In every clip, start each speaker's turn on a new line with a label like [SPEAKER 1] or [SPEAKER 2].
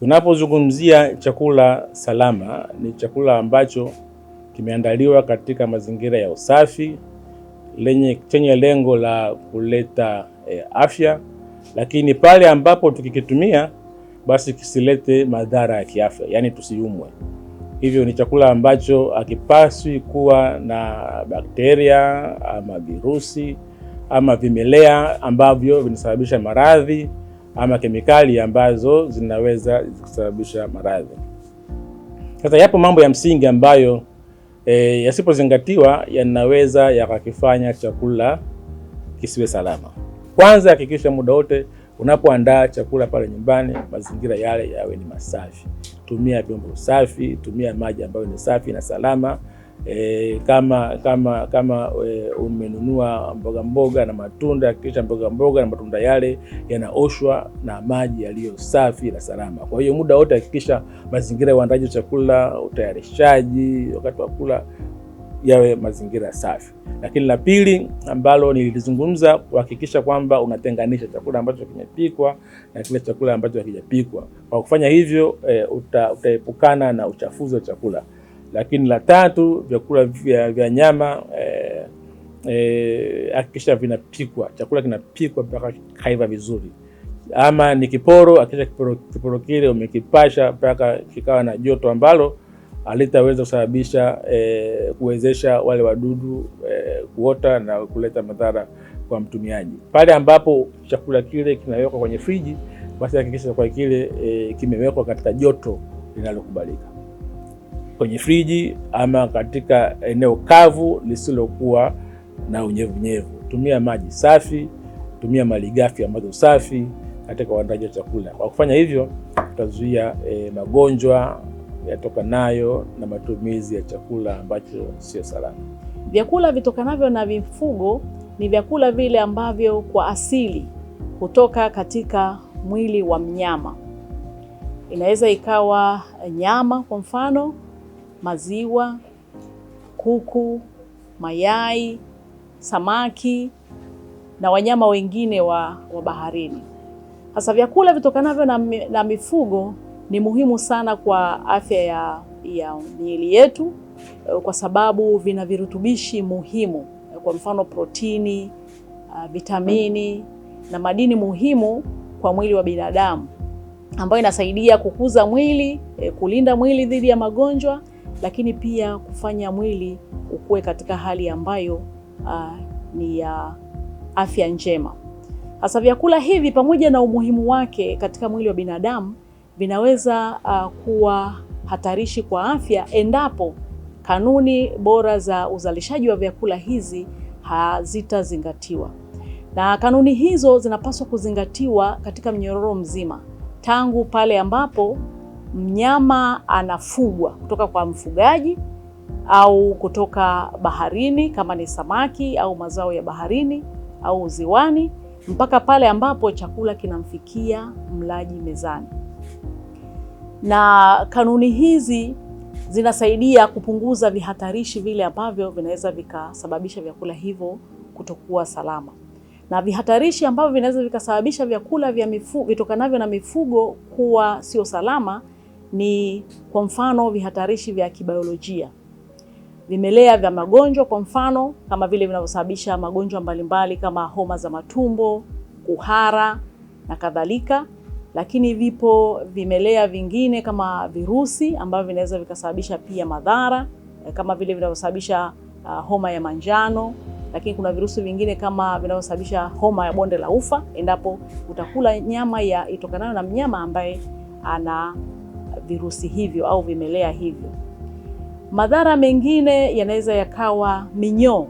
[SPEAKER 1] Tunapozungumzia chakula salama, ni chakula ambacho kimeandaliwa katika mazingira ya usafi lenye, chenye lengo la kuleta eh, afya, lakini pale ambapo tukikitumia basi kisilete madhara ya kiafya, yaani tusiumwe. Hivyo ni chakula ambacho hakipaswi kuwa na bakteria ama virusi ama vimelea ambavyo vinasababisha maradhi ama kemikali ambazo zinaweza kusababisha maradhi. Sasa yapo mambo ya msingi ambayo e, yasipozingatiwa yanaweza yakakifanya chakula kisiwe salama. Kwanza, hakikisha muda wote unapoandaa chakula pale nyumbani, mazingira yale yawe ni masafi. Tumia vyombo safi, tumia maji ambayo ni safi na salama. E, kama kama kama e, umenunua mboga mboga na matunda, kisha mboga mboga na matunda yale yanaoshwa na maji yaliyo safi na salama. Kwa hiyo muda wote hakikisha mazingira ya uandaji wa chakula, utayarishaji, wakati wa kula yawe mazingira safi. Lakini la pili ambalo nilizungumza kuhakikisha kwamba unatenganisha chakula ambacho kimepikwa na kile chakula ambacho hakijapikwa. Kwa kufanya hivyo e, uta, utaepukana na uchafuzi wa chakula. Lakini la tatu, vyakula vya, vya nyama hakikisha eh, eh, vinapikwa, chakula kinapikwa mpaka kaiva vizuri. Ama ni kiporo, hakikisha kiporo, kiporo kile umekipasha mpaka kikawa na joto ambalo alitaweza kusababisha eh, kuwezesha wale wadudu eh, kuota na kuleta madhara kwa mtumiaji. Pale ambapo chakula kile kinawekwa kwenye friji, basi hakikisha chakula kile eh, kimewekwa katika joto linalokubalika kwenye friji ama katika eneo kavu lisilokuwa na unyevunyevu. Tumia maji safi, tumia malighafi ambazo safi katika uandaji wa chakula. Kwa kufanya hivyo, tutazuia e, magonjwa yatokanayo na matumizi ya chakula ambacho sio salama.
[SPEAKER 2] Vyakula vitokanavyo na mifugo ni vyakula vile ambavyo kwa asili hutoka katika mwili wa mnyama. Inaweza ikawa nyama kwa mfano maziwa, kuku, mayai, samaki na wanyama wengine wa, wa baharini. Sasa vyakula vitokanavyo na, na mifugo ni muhimu sana kwa afya ya, ya miili yetu eh, kwa sababu vina virutubishi muhimu, kwa mfano protini, ah, vitamini na madini muhimu kwa mwili wa binadamu ambayo inasaidia kukuza mwili, eh, kulinda mwili dhidi ya magonjwa lakini pia kufanya mwili ukuwe katika hali ambayo uh, ni ya uh, afya njema. Hasa vyakula hivi pamoja na umuhimu wake katika mwili wa binadamu vinaweza uh, kuwa hatarishi kwa afya endapo kanuni bora za uzalishaji wa vyakula hizi hazitazingatiwa. Na kanuni hizo zinapaswa kuzingatiwa katika mnyororo mzima tangu pale ambapo mnyama anafugwa kutoka kwa mfugaji au kutoka baharini kama ni samaki au mazao ya baharini au ziwani mpaka pale ambapo chakula kinamfikia mlaji mezani. Na kanuni hizi zinasaidia kupunguza vihatarishi vile ambavyo vinaweza vikasababisha vyakula hivyo kutokuwa salama. Na vihatarishi ambavyo vinaweza vikasababisha vyakula vya mifugo vitokanavyo na mifugo kuwa sio salama ni kwa mfano vihatarishi vya kibiolojia, vimelea vya magonjwa kwa mfano kama vile vinavyosababisha magonjwa mbalimbali kama homa za matumbo, kuhara na kadhalika. Lakini vipo vimelea vingine kama virusi ambavyo vinaweza vikasababisha pia madhara eh, kama vile vinavyosababisha uh, homa ya manjano. Lakini kuna virusi vingine kama vinavyosababisha homa ya bonde la ufa endapo utakula nyama ya itokanayo na mnyama ambaye ana virusi hivyo au vimelea hivyo. Madhara mengine yanaweza yakawa minyoo.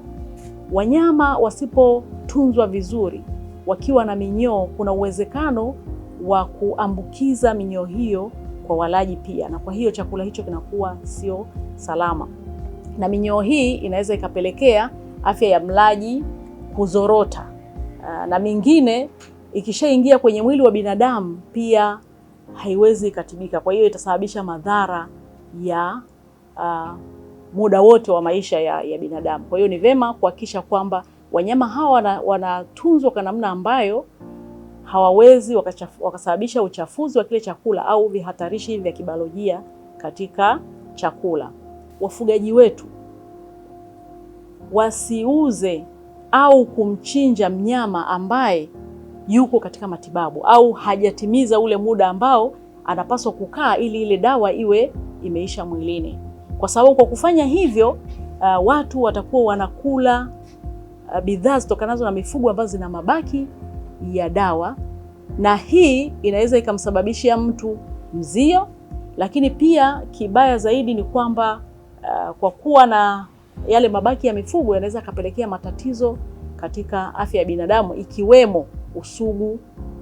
[SPEAKER 2] Wanyama wasipotunzwa vizuri, wakiwa na minyoo, kuna uwezekano wa kuambukiza minyoo hiyo kwa walaji pia, na kwa hiyo chakula hicho kinakuwa sio salama, na minyoo hii inaweza ikapelekea afya ya mlaji kuzorota, na mingine ikishaingia kwenye mwili wa binadamu pia haiwezi ikatibika. Kwa hiyo itasababisha madhara ya uh, muda wote wa maisha ya, ya binadamu. Kwa hiyo ni vema kuhakikisha kwamba wanyama hawa wanatunzwa kwa namna ambayo hawawezi wakachafu, wakasababisha uchafuzi wa kile chakula au vihatarishi vya kibiolojia katika chakula. Wafugaji wetu wasiuze au kumchinja mnyama ambaye yuko katika matibabu au hajatimiza ule muda ambao anapaswa kukaa ili ile dawa iwe imeisha mwilini, kwa sababu kwa kufanya hivyo uh, watu watakuwa wanakula uh, bidhaa zitokanazo na mifugo ambazo zina mabaki ya dawa, na hii inaweza ikamsababishia mtu mzio, lakini pia kibaya zaidi ni kwamba uh, kwa kuwa na yale mabaki ya mifugo yanaweza akapelekea matatizo katika afya ya binadamu ikiwemo usugu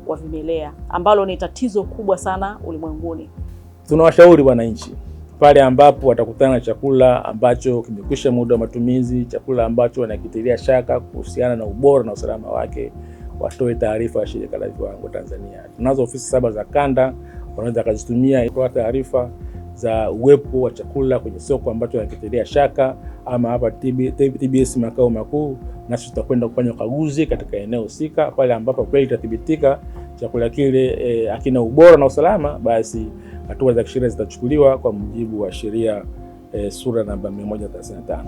[SPEAKER 2] wa vimelea ambalo ni tatizo kubwa sana ulimwenguni.
[SPEAKER 1] Tunawashauri wananchi pale ambapo watakutana na chakula ambacho kimekwisha muda wa matumizi, chakula ambacho wanakitilia shaka kuhusiana na ubora na usalama wake, watoe taarifa ya shirika la viwango Tanzania. Tunazo ofisi saba za kanda, wanaweza wakazitumia kutoa taarifa za uwepo wa chakula kwenye soko ambacho nakitilia shaka, ama hapa TBS makao makuu, nasi tutakwenda kufanya ukaguzi katika eneo husika. Pale ambapo kweli itathibitika chakula kile eh, akina ubora na usalama, basi hatua za kisheria zitachukuliwa kwa mujibu wa sheria eh, sura namba 135.